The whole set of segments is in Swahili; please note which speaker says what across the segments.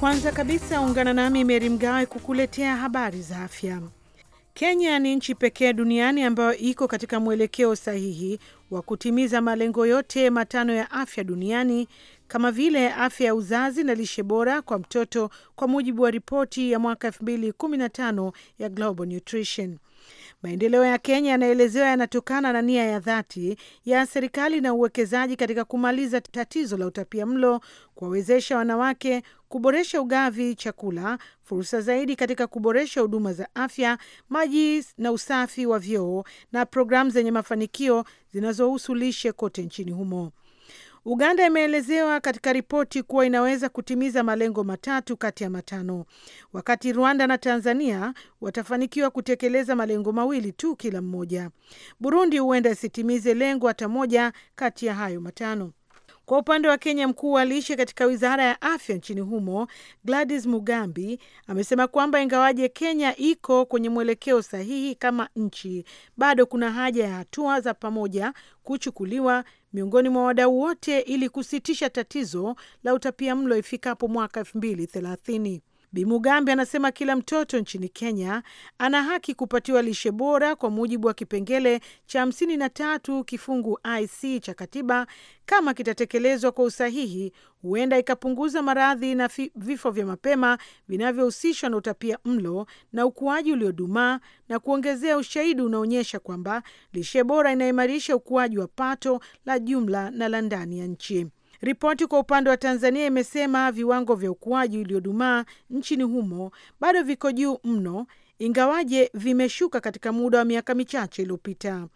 Speaker 1: Kwanza kabisa ungana nami Meri Mgawe kukuletea habari za afya. Kenya ni nchi pekee duniani ambayo iko katika mwelekeo sahihi wa kutimiza malengo yote matano ya afya duniani kama vile afya ya uzazi na lishe bora kwa mtoto, kwa mujibu wa ripoti ya mwaka 2015 ya Global Nutrition. Maendeleo ya Kenya yanaelezewa yanatokana na nia ya dhati ya serikali na uwekezaji katika kumaliza tatizo la utapia mlo, kuwawezesha wanawake, kuboresha ugavi chakula, fursa zaidi katika kuboresha huduma za afya, maji na usafi wa vyoo, na programu zenye mafanikio zinazohusu lishe kote nchini humo. Uganda imeelezewa katika ripoti kuwa inaweza kutimiza malengo matatu kati ya matano, wakati Rwanda na Tanzania watafanikiwa kutekeleza malengo mawili tu kila mmoja. Burundi huenda isitimize lengo hata moja kati ya hayo matano. Kwa upande wa Kenya, mkuu wa lishe katika wizara ya afya nchini humo Gladys Mugambi amesema kwamba ingawaje Kenya iko kwenye mwelekeo sahihi kama nchi, bado kuna haja ya hatua za pamoja kuchukuliwa miongoni mwa wadau wote ili kusitisha tatizo la utapia mlo ifikapo mwaka thelathini Bi Mugambi anasema kila mtoto nchini Kenya ana haki kupatiwa lishe bora kwa mujibu wa kipengele cha 53 kifungu IC cha katiba. Kama kitatekelezwa kwa usahihi, huenda ikapunguza maradhi na vifo vya mapema vinavyohusishwa na utapia mlo na ukuaji uliodumaa, na kuongezea ushahidi unaonyesha kwamba lishe bora inaimarisha ukuaji wa pato la jumla na la ndani ya nchi. Ripoti kwa upande wa Tanzania imesema viwango vya ukuaji uliodumaa nchini humo bado viko juu mno ingawaje vimeshuka katika muda wa miaka michache iliyopita.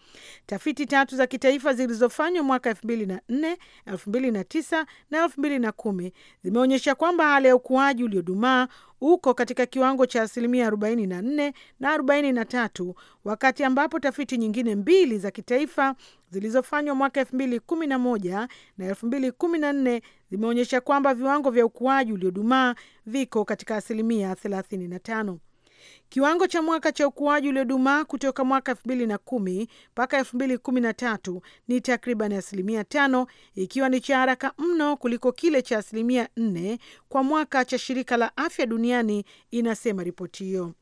Speaker 1: Tafiti tatu za kitaifa zilizofanywa mwaka 2004, 2009 na 2010 zimeonyesha kwamba hali ya ukuaji uliodumaa uko katika kiwango cha asilimia 44 na 43, wakati ambapo tafiti nyingine mbili za kitaifa zilizofanywa mwaka 2011 na 2014 zimeonyesha kwamba viwango vya ukuaji uliodumaa viko katika asilimia 35. Kiwango cha mwaka cha ukuaji uliodumaa kutoka mwaka kumi mpaka tatu ni takriban asilimia tano, ikiwa ni cha haraka mno kuliko kile cha asilimia nne kwa mwaka cha shirika la afya duniani, inasema ripoti hiyo.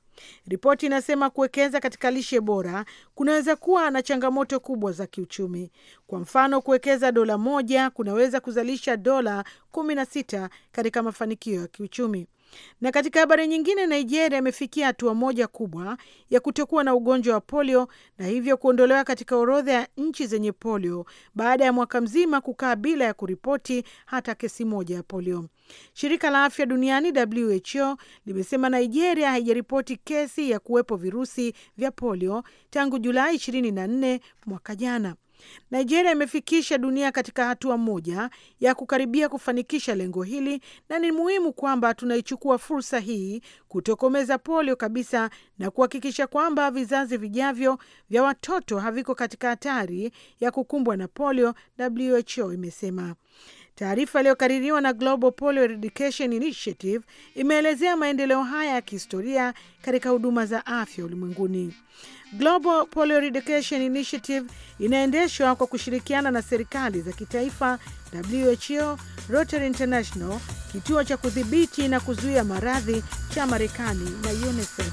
Speaker 1: Ripoti inasema kuwekeza katika lishe bora kunaweza kuwa na changamoto kubwa za kiuchumi. Kwa mfano, kuwekeza dola moja kunaweza kuzalisha dola sita katika mafanikio ya kiuchumi. Na katika habari nyingine, Nigeria imefikia hatua moja kubwa ya kutokuwa na ugonjwa wa polio na hivyo kuondolewa katika orodha ya nchi zenye polio baada ya mwaka mzima kukaa bila ya kuripoti hata kesi moja ya polio. Shirika la Afya Duniani WHO limesema Nigeria haijaripoti kesi ya kuwepo virusi vya polio tangu Julai 24 mwaka jana. Nigeria imefikisha dunia katika hatua moja ya kukaribia kufanikisha lengo hili, na ni muhimu kwamba tunaichukua fursa hii kutokomeza polio kabisa na kuhakikisha kwamba vizazi vijavyo vya watoto haviko katika hatari ya kukumbwa na polio, WHO imesema. Taarifa iliyokaririwa na Global Polio Eradication Initiative imeelezea maendeleo haya ya kihistoria katika huduma za afya ulimwenguni. Global Polio Eradication Initiative inaendeshwa kwa kushirikiana na serikali za kitaifa, WHO, Rotary International, kituo cha kudhibiti na kuzuia maradhi cha Marekani na
Speaker 2: UNICEF.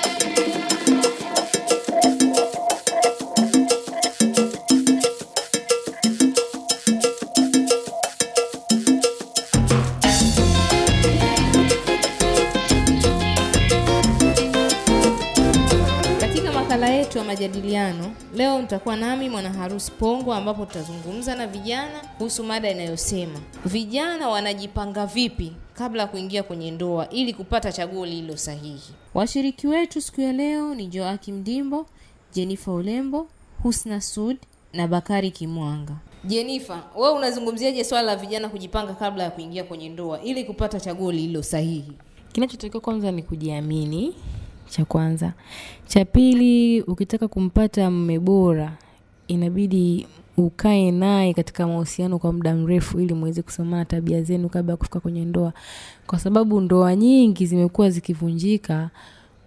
Speaker 3: majadiliano. Leo nitakuwa nami Mwana Harusi Pongo, ambapo tutazungumza na vijana kuhusu mada inayosema vijana wanajipanga vipi kabla ya kuingia kwenye ndoa ili kupata chaguo lililo sahihi. Washiriki wetu siku ya leo ni Joakim Dimbo, Jenifa Ulembo, Husna Sud na Bakari Kimwanga. Jenifa, wewe unazungumziaje swala la vijana kujipanga kabla ya kuingia kwenye ndoa ili kupata chaguo lililo sahihi? Kinachotakiwa kwanza ni kujiamini cha kwanza. Cha pili, ukitaka kumpata mme bora inabidi ukae naye katika mahusiano kwa muda mrefu, ili muweze kusomana tabia zenu kabla ya kufika kwenye ndoa, kwa sababu ndoa nyingi zimekuwa zikivunjika.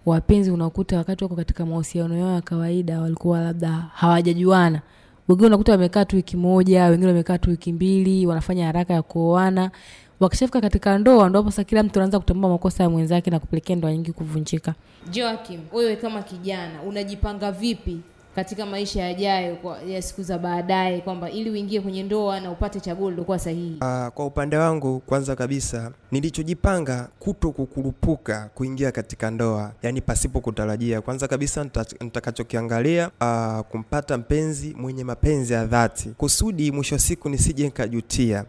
Speaker 3: Wapenzi unakuta wakati wako katika mahusiano yao ya kawaida walikuwa labda hawajajuana wengine unakuta wamekaa tu wiki moja, wengine wamekaa tu wiki mbili, wanafanya haraka ya kuoana. Wakishafika katika ndoa, ndo hapo sasa kila mtu anaanza kutambua makosa ya mwenzake na kupelekea ndoa nyingi kuvunjika. Joakim, wewe kama kijana unajipanga vipi katika maisha yajayo kwa, ya siku za baadaye kwamba ili uingie kwenye ndoa na upate chaguo lilokuwa sahihi?
Speaker 4: Aa, ah, kwa upande wangu kwanza kabisa nilichojipanga kuto kukurupuka kuingia katika ndoa, yani pasipo kutarajia. Kwanza kabisa nitakachokiangalia ah, kumpata mpenzi mwenye mapenzi ya dhati, kusudi mwisho siku nisije nikajutia.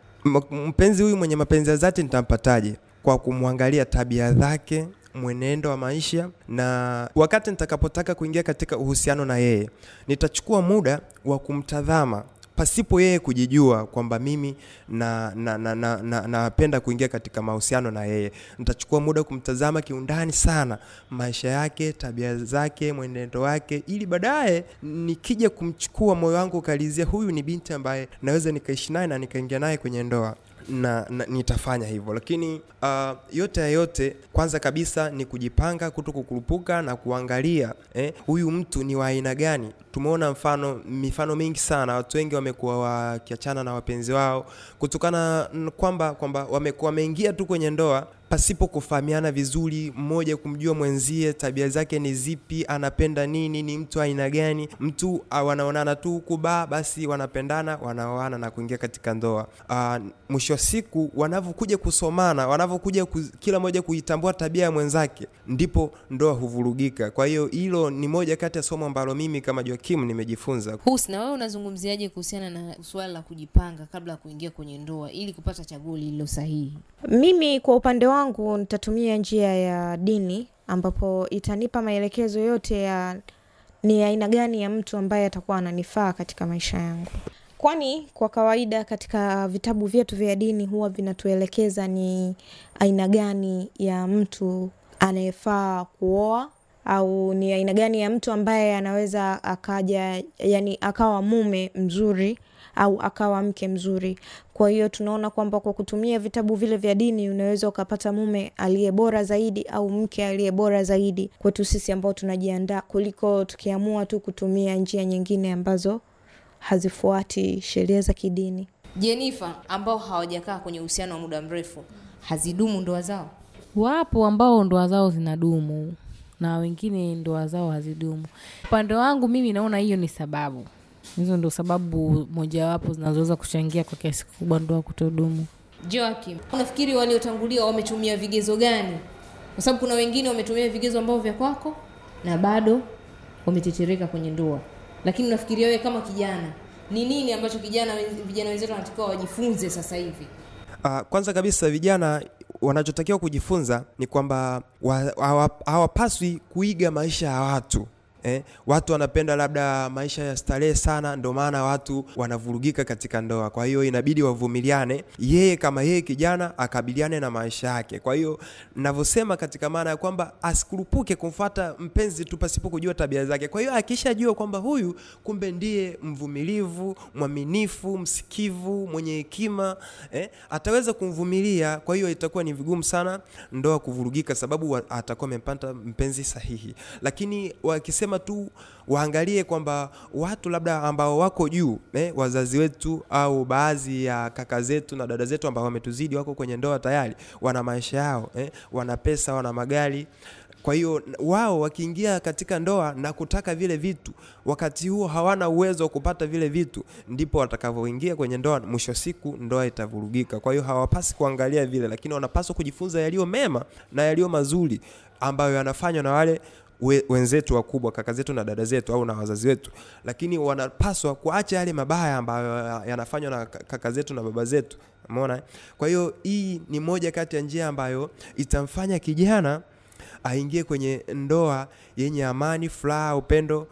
Speaker 4: Mpenzi huyu mwenye mapenzi ya dhati nitampataje? Kwa kumwangalia tabia zake mwenendo wa maisha, na wakati nitakapotaka kuingia katika uhusiano na yeye, nitachukua muda wa kumtazama pasipo yeye kujijua kwamba mimi napenda na, na, na, na, na kuingia katika mahusiano na yeye. Nitachukua muda kumtazama kiundani sana, maisha yake, tabia zake, mwenendo wake, ili baadaye nikija kumchukua, moyo wangu ukalizia, huyu ni binti ambaye naweza nikaishi naye na nikaingia naye kwenye ndoa na, na nitafanya hivyo, lakini uh, yote ya yote, kwanza kabisa ni kujipanga kuto kukurupuka na kuangalia eh, huyu mtu ni wa aina gani. Tumeona mfano mifano mingi sana, watu wengi wamekuwa wakiachana na wapenzi wao kutokana kwamba kwamba wamekuwa wameingia tu kwenye ndoa pasipo kufahamiana vizuri, mmoja kumjua mwenzie tabia zake ni zipi, anapenda nini, ni mtu aina gani. Mtu ah, wanaonana tu huku basi wanapendana, wanaoana na kuingia katika ndoa. Ah, mwisho wa siku wanavyokuja kusomana, wanavyokuja kila mmoja kuitambua tabia ya mwenzake, ndipo ndoa huvurugika. Kwa hiyo hilo ni moja kati ya somo ambalo mimi kama Joakim nimejifunza.
Speaker 3: Husna, wewe unazungumziaje kuhusiana na suala la kujipanga kabla ya kuingia kwenye ndoa ili kupata chaguo lililo sahihi? Mimi kwa upande wangu nitatumia njia ya dini ambapo itanipa maelekezo yote ya ni aina gani ya mtu ambaye atakuwa ananifaa katika maisha yangu, kwani kwa kawaida katika vitabu vyetu vya dini huwa vinatuelekeza ni aina gani ya mtu anayefaa kuoa au ni aina gani ya mtu ambaye anaweza akaja, yani akawa mume mzuri au akawa mke mzuri. Kwa hiyo tunaona kwamba kwa kutumia vitabu vile vya dini unaweza ukapata mume aliye bora zaidi au mke aliye bora zaidi kwetu sisi ambao tunajiandaa, kuliko tukiamua tu kutumia njia nyingine ambazo hazifuati sheria za kidini. Jenifa, ambao hawajakaa kwenye uhusiano wa muda mrefu, hazidumu ndoa zao? Wapo ambao ndoa zao zinadumu na wengine ndoa zao hazidumu. Upande wangu mimi naona hiyo ni sababu Hizo ndo sababu mojawapo zinazoweza kuchangia kwa kiasi kikubwa ndoa kutodumu. Joakim, unafikiri waliotangulia wametumia vigezo gani? Kwa sababu kuna wengine wametumia vigezo ambavyo vya kwako na bado wametetereka kwenye ndoa, lakini unafikiria wewe kama kijana ni nini ambacho kijana vijana wenzetu wanatakiwa wajifunze sasa hivi?
Speaker 4: Uh, kwanza kabisa vijana wanachotakiwa kujifunza ni kwamba hawapaswi kuiga maisha ya watu eh. Watu wanapenda labda maisha ya starehe sana, ndio maana watu wanavurugika katika ndoa. Kwa hiyo inabidi wavumiliane, yeye kama yeye kijana akabiliane na maisha yake. Kwa hiyo ninavyosema katika maana ya kwamba asikurupuke kumfata mpenzi tu pasipo kujua tabia zake. Kwa hiyo akishajua kwamba huyu kumbe ndiye mvumilivu, mwaminifu, msikivu, mwenye hekima eh, ataweza kumvumilia. Kwa hiyo itakuwa ni vigumu sana ndoa kuvurugika, sababu atakuwa amempata mpenzi sahihi. Lakini wakisema lazima tu waangalie kwamba watu labda ambao wako juu eh, wazazi wetu au baadhi ya kaka zetu na dada zetu ambao wametuzidi wako kwenye ndoa tayari, wana maisha yao eh, wana pesa, wana magari. Kwa hiyo wao wakiingia katika ndoa na kutaka vile vitu, wakati huo hawana uwezo wa kupata vile vitu, ndipo watakavyoingia kwenye ndoa, mwisho siku ndoa itavurugika. Kwa hiyo hawapasi kuangalia vile, lakini wanapaswa kujifunza yaliyo mema na yaliyo mazuri ambayo yanafanywa na wale wenzetu wakubwa, kaka zetu na dada zetu au na wazazi wetu, lakini wanapaswa kuacha yale mabaya ambayo yanafanywa na kaka zetu na baba zetu. Umeona? Kwa hiyo hii ni moja kati ya njia ambayo itamfanya kijana aingie kwenye ndoa yenye amani, furaha, upendo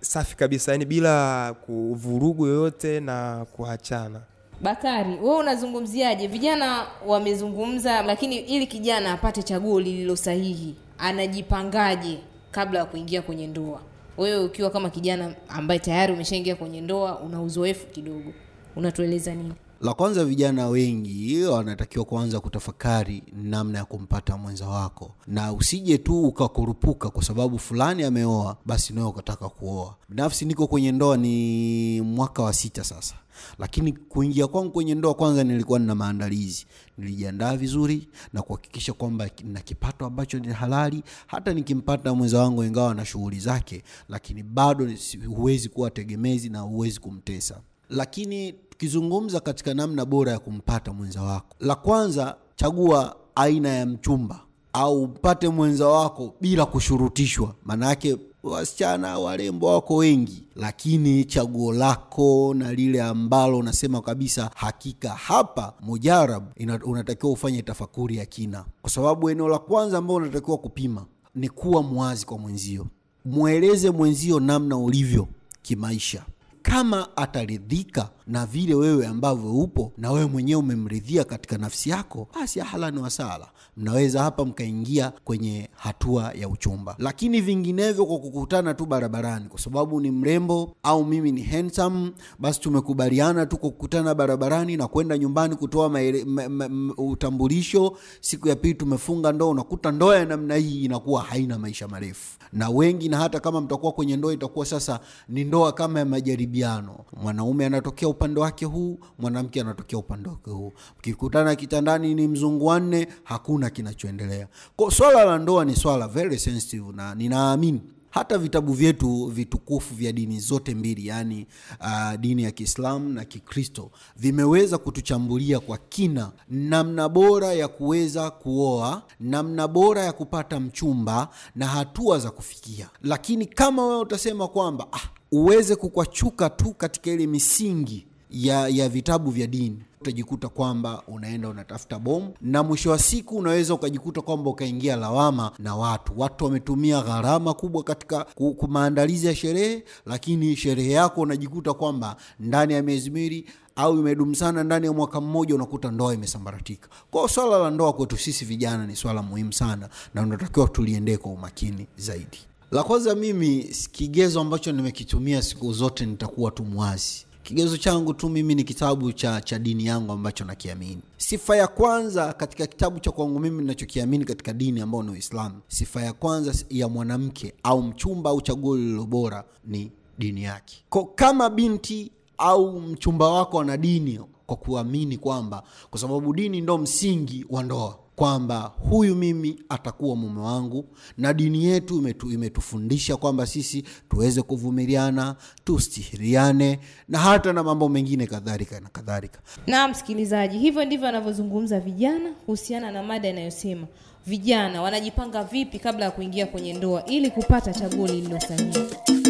Speaker 4: safi kabisa, yani bila kuvurugu yoyote na kuachana.
Speaker 3: Bakari, wewe unazungumziaje? Vijana wamezungumza, lakini ili kijana apate chaguo lililo sahihi, anajipangaje? kabla ya kuingia kwenye ndoa. Wewe ukiwa kama kijana ambaye tayari umeshaingia kwenye ndoa, una uzoefu kidogo, unatueleza nini?
Speaker 5: La kwanza, vijana wengi wanatakiwa kuanza kutafakari namna ya kumpata mwenza wako, na usije tu ukakurupuka kwa sababu fulani ameoa, basi nawe ukataka kuoa. Binafsi niko kwenye ndoa ni mwaka wa sita sasa, lakini kuingia kwangu kwenye ndoa, kwanza nilikuwa nina maandalizi, nilijiandaa vizuri na kuhakikisha kwamba na kipato ambacho ni halali. Hata nikimpata mwenza wangu, ingawa na shughuli zake, lakini bado huwezi kuwa tegemezi na huwezi kumtesa, lakini tukizungumza katika namna bora ya kumpata mwenza wako, la kwanza, chagua aina ya mchumba au mpate mwenza wako bila kushurutishwa. Maana yake wasichana warembo wako wengi, lakini chaguo lako na lile ambalo unasema kabisa hakika hapa mujarab, unatakiwa ufanye tafakuri ya kina, kwa sababu eneo la kwanza ambayo unatakiwa kupima ni kuwa mwazi kwa mwenzio. Mweleze mwenzio namna ulivyo kimaisha. Kama ataridhika na vile wewe ambavyo upo na wewe mwenyewe umemridhia katika nafsi yako, basi ahlan wasala, mnaweza hapa mkaingia kwenye hatua ya uchumba. Lakini vinginevyo kwa kukutana tu barabarani, kwa sababu ni mrembo au mimi ni handsome, basi tumekubaliana tu kukutana barabarani na kwenda nyumbani kutoa maere, ma, ma, ma, utambulisho. Siku ya pili tumefunga ndoa, unakuta ndoa ya namna hii inakuwa haina maisha marefu na wengi, na hata kama mtakuwa kwenye ndoa itakuwa sasa ni ndoa kama ya majaribiano. Mwanaume anatokea upande wake huu, mwanamke anatokea upande wake huu. Mkikutana kitandani ni mzungu wanne, hakuna kinachoendelea. Kwa swala la ndoa ni swala very sensitive, na ninaamini hata vitabu vyetu vitukufu vya dini zote mbili yaani, uh, dini ya Kiislamu na Kikristo vimeweza kutuchambulia kwa kina namna bora ya kuweza kuoa, namna bora ya kupata mchumba na hatua za kufikia. Lakini kama wewe utasema kwamba ah, uweze kukwachuka tu katika ile misingi ya, ya vitabu vya dini utajikuta kwamba unaenda unatafuta bomu, na mwisho wa siku unaweza ukajikuta kwamba ukaingia lawama na watu. Watu wametumia gharama kubwa katika maandalizi ya sherehe, lakini sherehe yako unajikuta kwamba ndani ya miezi miwili au imedumu sana ndani ya mwaka mmoja, unakuta ndoa imesambaratika. Kwa swala la ndoa kwetu sisi vijana ni swala muhimu sana, na tunatakiwa tuliendee kwa umakini zaidi. La kwanza, mimi kigezo ambacho nimekitumia siku zote, nitakuwa tumwazi Kigezo changu tu mimi ni kitabu cha, cha dini yangu ambacho nakiamini. Sifa ya kwanza katika kitabu cha kwangu mimi ninachokiamini katika dini ambayo ni Uislamu, sifa ya kwanza ya mwanamke au mchumba au chaguo lililo bora ni dini yake. Kwa kama binti au mchumba wako ana dini, kwa kuamini kwamba kwa sababu dini ndo msingi wa ndoa kwamba huyu mimi atakuwa mume wangu, na dini yetu imetu, imetufundisha kwamba sisi tuweze kuvumiliana, tustihiriane na hata na mambo mengine kadhalika na kadhalika.
Speaker 3: Na msikilizaji, hivyo ndivyo anavyozungumza vijana kuhusiana na mada inayosema vijana wanajipanga vipi kabla ya kuingia kwenye ndoa ili kupata chaguo lililo sahihi.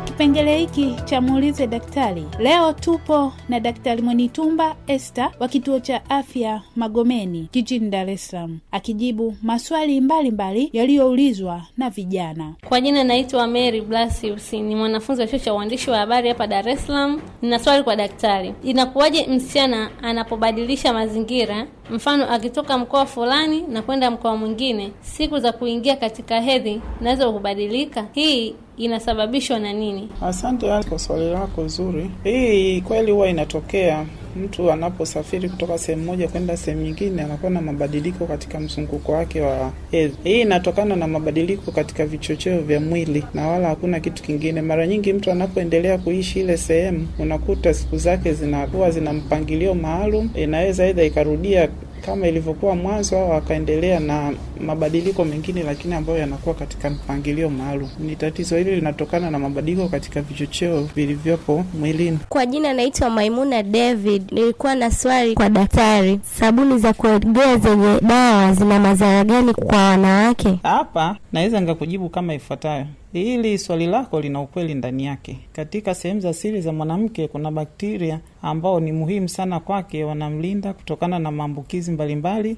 Speaker 2: kipengele hiki cha muulize daktari. Leo tupo na Daktari Mwenitumba este wa kituo cha afya Magomeni jijini Dar es Salaam akijibu maswali mbalimbali yaliyoulizwa na vijana.
Speaker 6: Kwa jina naitwa Mary Blasius, ni mwanafunzi wa chuo cha uandishi wa habari hapa Dar es Salaam. Nina swali kwa daktari, inakuwaje msichana anapobadilisha mazingira Mfano, akitoka mkoa fulani na kwenda mkoa mwingine, siku za kuingia katika hedhi naweza kubadilika. Hii inasababishwa na nini?
Speaker 7: Asante yaani kwa swali lako zuri. Hii kweli huwa inatokea mtu anaposafiri kutoka sehemu moja kwenda sehemu nyingine anakuwa na mabadiliko katika mzunguko wake wa hedhi. Hii inatokana na mabadiliko katika vichocheo vya mwili na wala hakuna kitu kingine. Mara nyingi mtu anapoendelea kuishi ile sehemu, unakuta siku zake zinakuwa zina mpangilio maalum, inaweza aidha ikarudia kama ilivyokuwa mwanzo, au akaendelea na mabadiliko mengine, lakini ambayo yanakuwa katika mpangilio maalum. Ni tatizo hili linatokana na mabadiliko katika vichocheo vilivyopo mwilini.
Speaker 3: Kwa jina naitwa Maimuna David. Nilikuwa na swali kwa daktari, sabuni za kuogea zenye dawa zina madhara gani kwa wanawake?
Speaker 7: Hapa naweza nikakujibu kama ifuatayo. Hili swali lako lina ukweli ndani yake. Katika sehemu za siri za mwanamke kuna bakteria ambao ni muhimu sana kwake, wanamlinda kutokana na maambukizi mbalimbali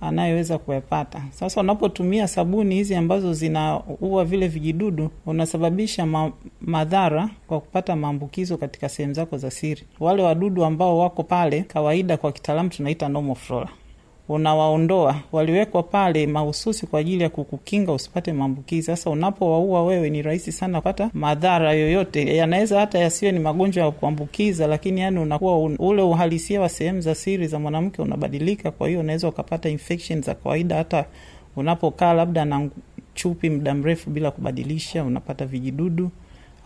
Speaker 7: anayeweza kuyapata. Sasa unapotumia sabuni hizi ambazo zinaua vile vijidudu, unasababisha ma madhara kwa kupata maambukizo katika sehemu zako za siri. Wale wadudu ambao wako pale kawaida, kwa kitaalamu tunaita nomofrola unawaondoa, waliwekwa pale mahususi kwa ajili ya kukukinga usipate maambukizi. Sasa unapowaua wewe, ni rahisi sana kupata madhara yoyote, yanaweza hata yasiwe ni magonjwa ya kuambukiza, lakini yani unakuwa un, ule uhalisia wa sehemu za siri za mwanamke unabadilika. Kwa hiyo unaweza ukapata infection za kawaida hata unapokaa labda na chupi muda mrefu bila kubadilisha, unapata vijidudu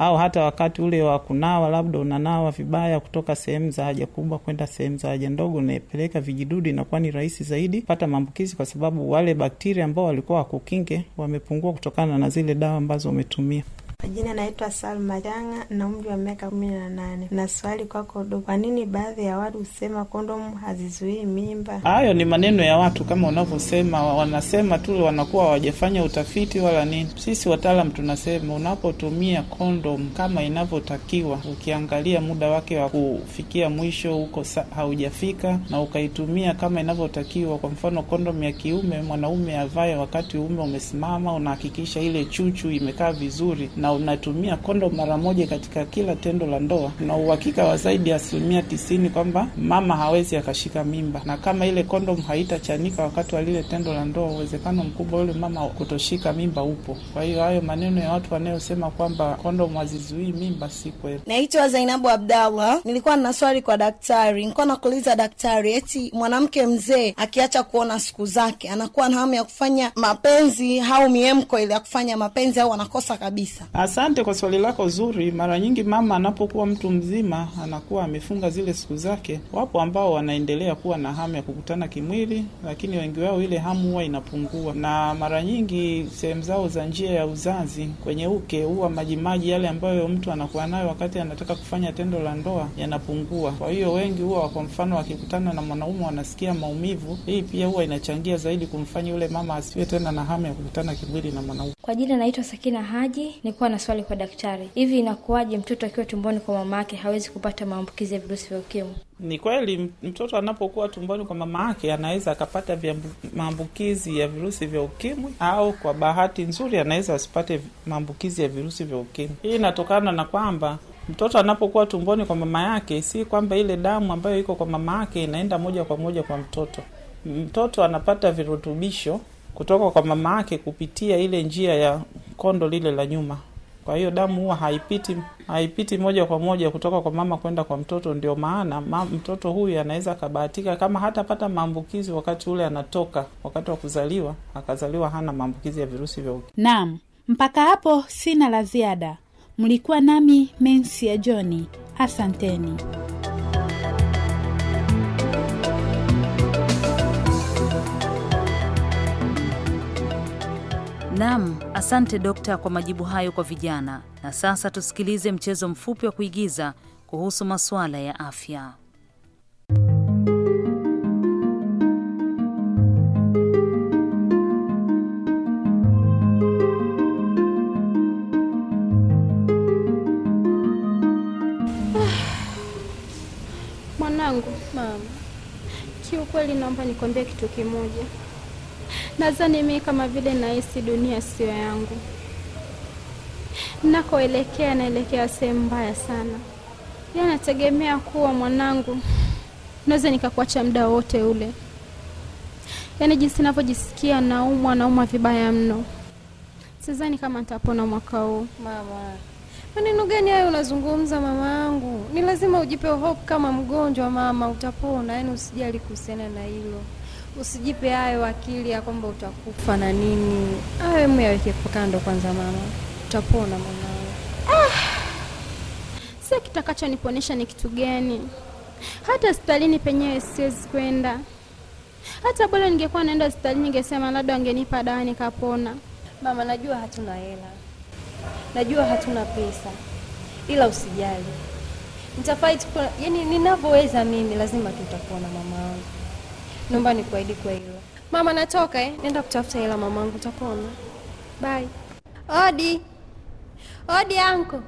Speaker 7: au hata wakati ule wa kunawa, labda unanawa vibaya kutoka sehemu za haja kubwa kwenda sehemu za haja ndogo, unaepeleka vijidudu, inakuwa ni rahisi zaidi pata maambukizi, kwa sababu wale bakteria ambao walikuwa wakukinge wamepungua kutokana na zile dawa ambazo umetumia.
Speaker 3: Kwa jina naitwa Salma Changa na umri wa miaka kumi na nane na swali kwako do, kwa nini baadhi ya watu husema kondomu hazizuii mimba?
Speaker 7: Hayo ni maneno ya watu kama unavyosema, wanasema tu, wanakuwa hawajafanya utafiti wala nini. Sisi wataalam tunasema unapotumia kondomu kama inavyotakiwa, ukiangalia muda wake wa kufikia mwisho huko haujafika, na ukaitumia kama inavyotakiwa. Kwa mfano kondomu ya kiume mwanaume avae wakati uume umesimama, unahakikisha ile chuchu imekaa vizuri na unatumia kondom mara moja katika kila tendo la ndoa, na uhakika wa zaidi ya asilimia tisini kwamba mama hawezi akashika mimba, na kama ile kondom haitachanika wakati wa lile tendo la ndoa, uwezekano mkubwa yule mama kutoshika mimba upo. Kwa hiyo hayo maneno ya watu wanayosema kwamba kondom hazizuii mimba si kweli. Naitwa
Speaker 1: Zainabu Abdallah, nilikuwa na swali kwa daktari. Nilikuwa nakuuliza daktari, eti mwanamke mzee akiacha kuona siku zake anakuwa na hamu ya kufanya mapenzi au miemko ile ya kufanya mapenzi au anakosa kabisa?
Speaker 7: Asante kwa swali lako zuri. Mara nyingi mama anapokuwa mtu mzima anakuwa amefunga zile siku zake. Wapo ambao wanaendelea kuwa na hamu ya kukutana kimwili, lakini wengi wao ile hamu huwa inapungua, na mara nyingi sehemu zao za njia ya uzazi kwenye uke huwa majimaji yale ambayo mtu anakuwa nayo wakati anataka kufanya tendo la ndoa yanapungua. Kwa hiyo wengi huwa kwa mfano wakikutana na mwanaume wanasikia maumivu. Hii pia huwa inachangia zaidi kumfanya yule mama asiwe tena na hamu ya kukutana kimwili na mwanaume.
Speaker 6: Kwa jina naitwa Sakina Haji ni kuwa na swali kwa daktari, hivi inakuwaje mtoto akiwa tumboni kwa mama yake hawezi kupata maambukizi ya virusi vya ukimwi?
Speaker 7: Ni kweli, mtoto anapokuwa tumboni kwa mama yake anaweza akapata maambukizi ya virusi vya ukimwi, au kwa bahati nzuri anaweza asipate maambukizi ya virusi vya ukimwi. Hii inatokana na kwamba mtoto anapokuwa tumboni kwa mama yake, si kwamba ile damu ambayo iko kwa mama yake inaenda moja kwa moja kwa mtoto. Mtoto anapata virutubisho kutoka kwa mama yake kupitia ile njia ya kondo lile la nyuma. Kwa hiyo damu huwa haipiti haipiti moja kwa moja kutoka kwa mama kwenda kwa mtoto. Ndio maana ma, mtoto huyu anaweza akabahatika kama hatapata maambukizi wakati ule anatoka, wakati wa kuzaliwa akazaliwa hana maambukizi ya virusi vya uki
Speaker 2: Naam, mpaka hapo sina la ziada. Mlikuwa nami Mensi ya Johni, asanteni. Naam, asante dokta kwa majibu hayo kwa vijana. Na sasa tusikilize mchezo mfupi wa kuigiza kuhusu masuala ya afya.
Speaker 6: Mwanangu. Mama, kiukweli naomba nikwambie kitu kimoja. Nadhani mimi kama vile nahisi dunia sio yangu. Nakoelekea naelekea sehemu mbaya sana. Ya yaani nategemea kuwa mwanangu, naweza nikakuacha muda wote ule. Yaani jinsi ninavyojisikia, naumwa naumwa vibaya mno. Sidhani kama nitapona mwaka huu. Mama, maneno gani hayo unazungumza
Speaker 8: mamaangu? Ni lazima ujipe hope kama mgonjwa mama, utapona. Yaani usijali kuhusiana na hilo usijipe hayo akili ya kwamba utakufa na nini. Hayo emu yaweke kando kwanza, mama, utapona
Speaker 6: mwanangu. Ah, sasa kitakacho niponesha ni kitu gani? Hata hospitalini penyewe siwezi kwenda. Hata bora ningekuwa naenda hospitalini, ningesema labda wangenipa dawa nikapona. Mama, najua hatuna hela, najua hatuna
Speaker 8: pesa, ila usijali, nitafight. Yani ninavyoweza mimi, lazima tutapona mama wangu. Naomba nikuahidi kwa hilo. Mama natoka eh, nenda kutafuta hela mamangu, utakuona. Bye. Odi. Odi anko.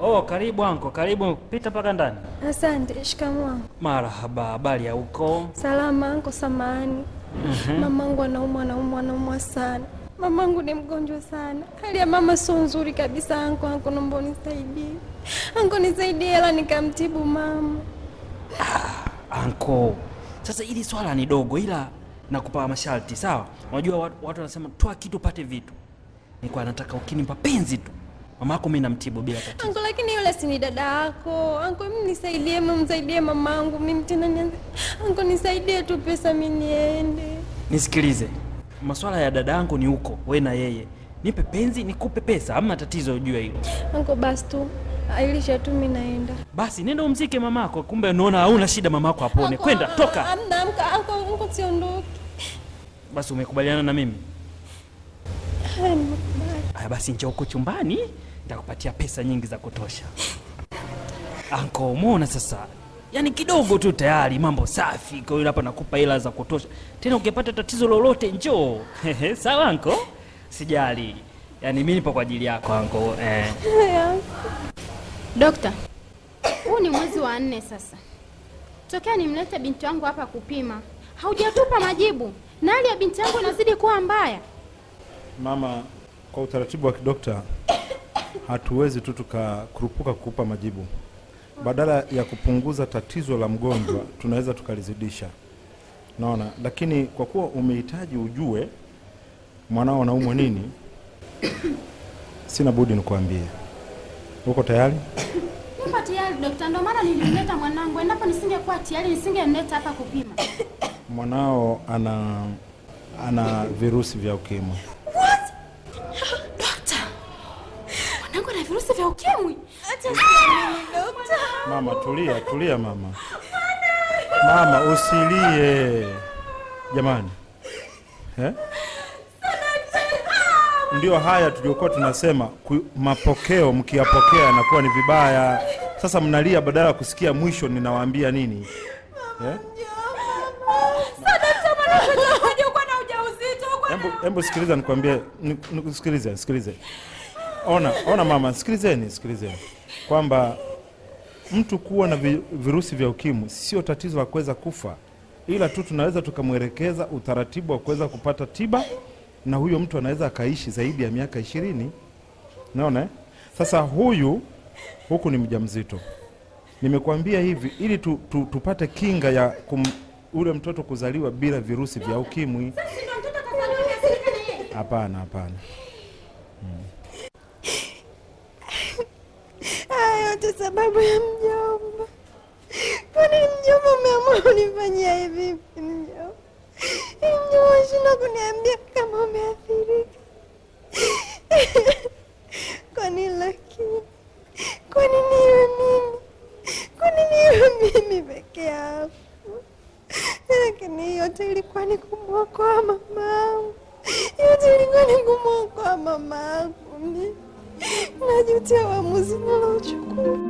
Speaker 9: Oh, karibu anko, karibu. Pita paka ndani.
Speaker 8: Asante. Shikamoo.
Speaker 9: Marahaba, habari ya huko?
Speaker 8: Salama anko, samani Mm -hmm. Mamangu anaumwa, anaumwa, anaumwa sana. Mamangu ni mgonjwa sana. Hali ya mama sio nzuri kabisa anko, anko naomba unisaidie. Anko nisaidie hela nikamtibu mama.
Speaker 9: Ah, anko. Sasa hili swala ni dogo, ila nakupa masharti sawa. Unajua watu wanasema toa kitu pate vitu, nilikuwa nataka ukinipa penzi tu mama yako mimi namtibu bila tatizo.
Speaker 8: Anko, lakini yule si ni dada yako. Anko, mimi nisaidie, mimi mamangu. Mimi tena nianze. Anko, nisaidie tu pesa mimi niende.
Speaker 9: Nisikilize. Masuala ya dada yangu ni huko, we na yeye. Nipe penzi nikupe pesa, hamna tatizo ujue hilo.
Speaker 8: Anko, basi tu. Ailisha tu mimi naenda.
Speaker 9: Basi nenda umzike mamako, kumbe unaona hauna shida, mamako apone. Kwenda toka.
Speaker 8: Amka anko, anko siondoki.
Speaker 9: Basi umekubaliana na mimi? Haya basi njoo huko chumbani, nitakupatia pesa nyingi za kutosha. Anko, umeona sasa? Yaani kidogo tu tayari mambo safi. Kwa hiyo hapa nakupa hela za kutosha. Tena ukipata tatizo lolote njoo. Sawa anko? Sijali. Yaani mimi nipo kwa ajili yako anko. Eh.
Speaker 6: Dokta, huu ni mwezi wa nne sasa tokea nimlete binti wangu hapa kupima, haujatupa majibu na hali ya binti yangu inazidi kuwa mbaya.
Speaker 10: Mama, kwa utaratibu wa kidokta hatuwezi tu tukakurupuka kukupa majibu. Badala ya kupunguza tatizo la mgonjwa, tunaweza tukalizidisha, naona. Lakini kwa kuwa umehitaji ujue mwanao anaumwa nini, sina budi nikuambie. Uko tayari?
Speaker 6: Nipo tayari dokta, ndio maana nilimleta mwanangu. Endapo nisingekuwa tayari, nisingemleta hapa kupima.
Speaker 10: Mwanao ana ana virusi vya ukimwi. What?
Speaker 6: Dokta, mwanangu ana virusi vya ukimwi? Ah!
Speaker 10: Mama tulia, tulia mama. Mama usilie jamani, eh? ndio haya tuliokuwa tunasema ku, mapokeo mkiyapokea yanakuwa ni vibaya. Sasa mnalia badala ya kusikia mwisho ninawaambia nini eh? Hebu sikiliza nikwambie, sikilize, sikilize, ona, ona mama, sikilizeni, sikilizeni kwamba mtu kuwa na virusi vya ukimwi sio tatizo la kuweza kufa, ila tu tunaweza tukamwelekeza utaratibu wa kuweza kupata tiba na huyo mtu anaweza akaishi zaidi ya miaka ishirini. Naona sasa huyu huku ni mjamzito. Nimekuambia hivi ili tu, tu, tupate kinga ya kum, ule mtoto kuzaliwa bila virusi vya ukimwi. Hapana, hapana. Hmm.
Speaker 8: Haya yote sababu ya mjomba. Kwani mjomba umeamua unifanyia hivi? Unashinda kuniambia kama umeathirika. Kwa nini lakini? Kwa nini iwe mimi? Kwa nini iwe mimi peke yangu? Lakini yote ilikuwa ni kumwokoa mama yangu. Yote ilikuwa ni kumwokoa mama yangu. Najutia uamuzi nilouchukua.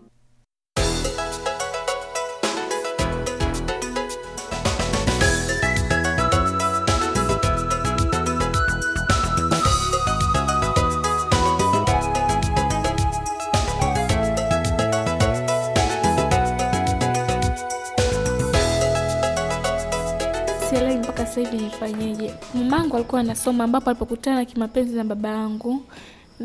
Speaker 11: alikuwa anasoma ambapo alipokutana kimapenzi na baba yangu.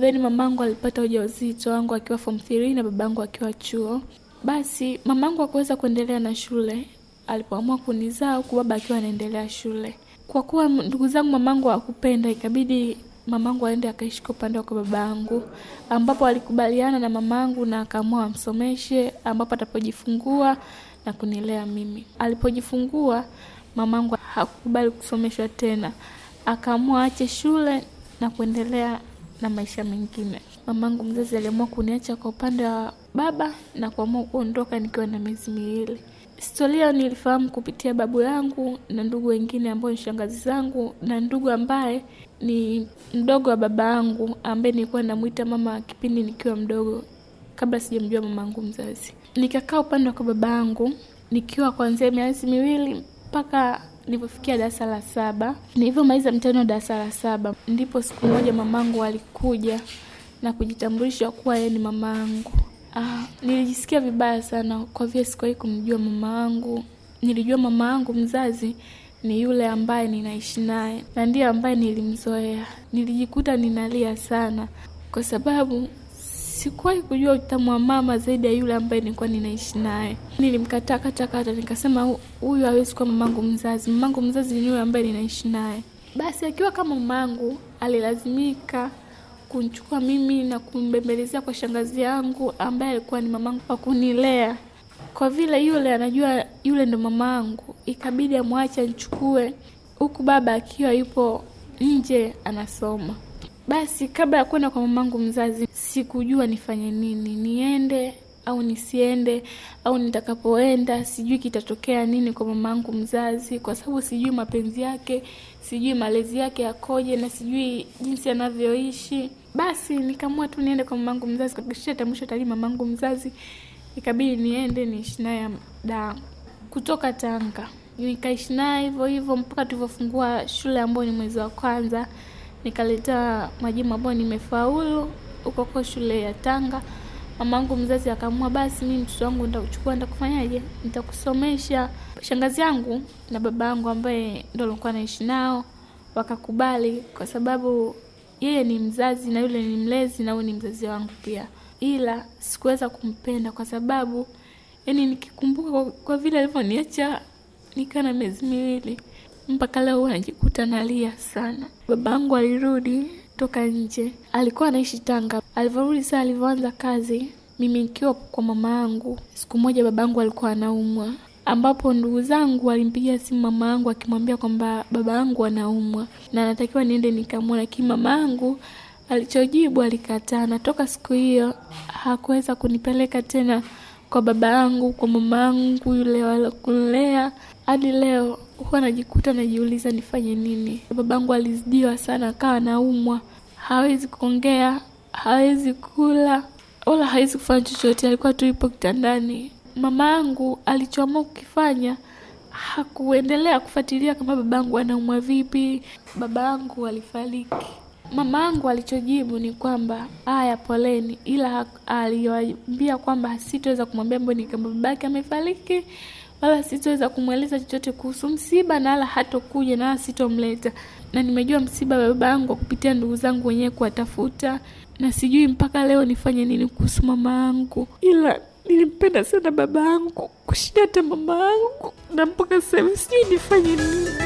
Speaker 11: Then mamangu alipata ujauzito wangu akiwa form th na babangu akiwa chuo. Basi mamangu akuweza kuendelea na shule alipoamua kunizaa huku baba akiwa anaendelea shule. Kwa kuwa ndugu zangu mamangu akupenda ikabidi mamangu aende akaishi kwa upande wako baba yangu ambapo alikubaliana na mamangu na akaamua amsomeshe, ambapo atapojifungua na kunilea mimi. Alipojifungua mamangu hakukubali kusomeshwa tena, akaamua aache shule na kuendelea na maisha mengine. Mamangu mzazi aliamua kuniacha kwa upande wa baba na kuamua kuondoka nikiwa na miezi miwili. Historia nilifahamu kupitia babu yangu na ndugu wengine ambao ni shangazi zangu na ndugu ambaye ni mdogo wa baba yangu ambaye nilikuwa namwita mama kipindi nikiwa mdogo kabla sijamjua mamangu mzazi. Nikakaa upande wa kwa baba yangu nikiwa kuanzia miezi miwili mpaka nilivyofikia darasa la saba. Nilivyomaliza mtano wa darasa la saba, ndipo siku moja mamangu alikuja na kujitambulisha kuwa yeye ni mamangu. Ah, nilijisikia vibaya sana kwa vile sikuwahi kumjua mama wangu. Nilijua mama wangu mzazi ni yule ambaye ninaishi naye na ndiye ambaye nilimzoea. Nilijikuta ninalia sana kwa sababu Sikuwahi kujua utamu wa mama zaidi ya yule ambaye nilikuwa ninaishi naye. Nilimkataa katakata, nikasema huyu hawezi kuwa mamangu mzazi. Mamangu mzazi ni yule ambaye ninaishi naye. Basi akiwa kama mamangu, alilazimika kunchukua mimi na kumbembelezea kwa shangazi yangu ambaye alikuwa ni mamangu kwa kunilea. Kwa vile yule anajua yule ndo mamangu, ikabidi amwache anchukue, huku baba akiwa yupo nje anasoma. Basi kabla ya kwenda kwa mamangu mzazi, sikujua nifanye nini, niende au nisiende, au nitakapoenda sijui kitatokea nini kwa mamangu mzazi, kwa sababu sijui mapenzi yake, sijui malezi yake yakoje, na sijui jinsi anavyoishi. Basi nikaamua tu niende kwa mamangu mzazi, kakishia tambusha tali mamangu mzazi, ikabidi niende niishi naye da kutoka Tanga nikaishi naye hivyo hivyo mpaka tulivyofungua shule ambayo ni mwezi wa kwanza nikaleta majibu ambayo nimefaulu huko kwa shule ya Tanga. Mamangu mzazi akaamua basi, mimi mtoto wangu nitachukua, nitakufanyaje, nitakusomesha. Shangazi yangu na baba yangu ambaye ndo alikuwa anaishi nao wakakubali, kwa sababu yeye ni mzazi na yule ni mlezi na huyu ni mzazi wangu pia, ila sikuweza kumpenda kwa sababu yani, nikikumbuka kwa, kwa vile alivyoniacha nikaa na miezi miwili mpaka leo najikuta nalia sana. Babangu alirudi toka nje, alikuwa anaishi Tanga. Alivyorudi saa alivyoanza kazi, mimi nikiwa kwa mama yangu. Siku moja babangu alikuwa anaumwa, ambapo ndugu zangu walimpigia simu mama yangu akimwambia kwamba baba yangu anaumwa na anatakiwa niende nikamwona, lakini mama yangu alichojibu alikataa, na toka siku hiyo hakuweza kunipeleka tena kwa baba yangu, kwa mama yangu yule walokulea hadi leo huwa najikuta najiuliza nifanye nini. Babangu alizidiwa sana, akawa anaumwa, hawezi kuongea, hawezi kula wala hawezi kufanya chochote, alikuwa tu ipo kitandani. Mama yangu alichoamua kukifanya hakuendelea kufuatilia kama babangu anaumwa vipi. Babangu alifariki. Mama yangu alichojibu ni kwamba aya poleni, ila aliwaambia kwamba sitoweza kumwambia Mboni kama babake amefariki wala sitoweza kumweleza chochote kuhusu msiba na wala hatokuja na wala sitomleta. Na nimejua msiba wa baba yangu kupitia ndugu zangu wenyewe kuwatafuta, na sijui mpaka leo nifanye nini kuhusu mama yangu, ila nilimpenda sana baba yangu kushinda hata mama yangu, na mpaka sasa hivi
Speaker 2: sijui nifanye nini.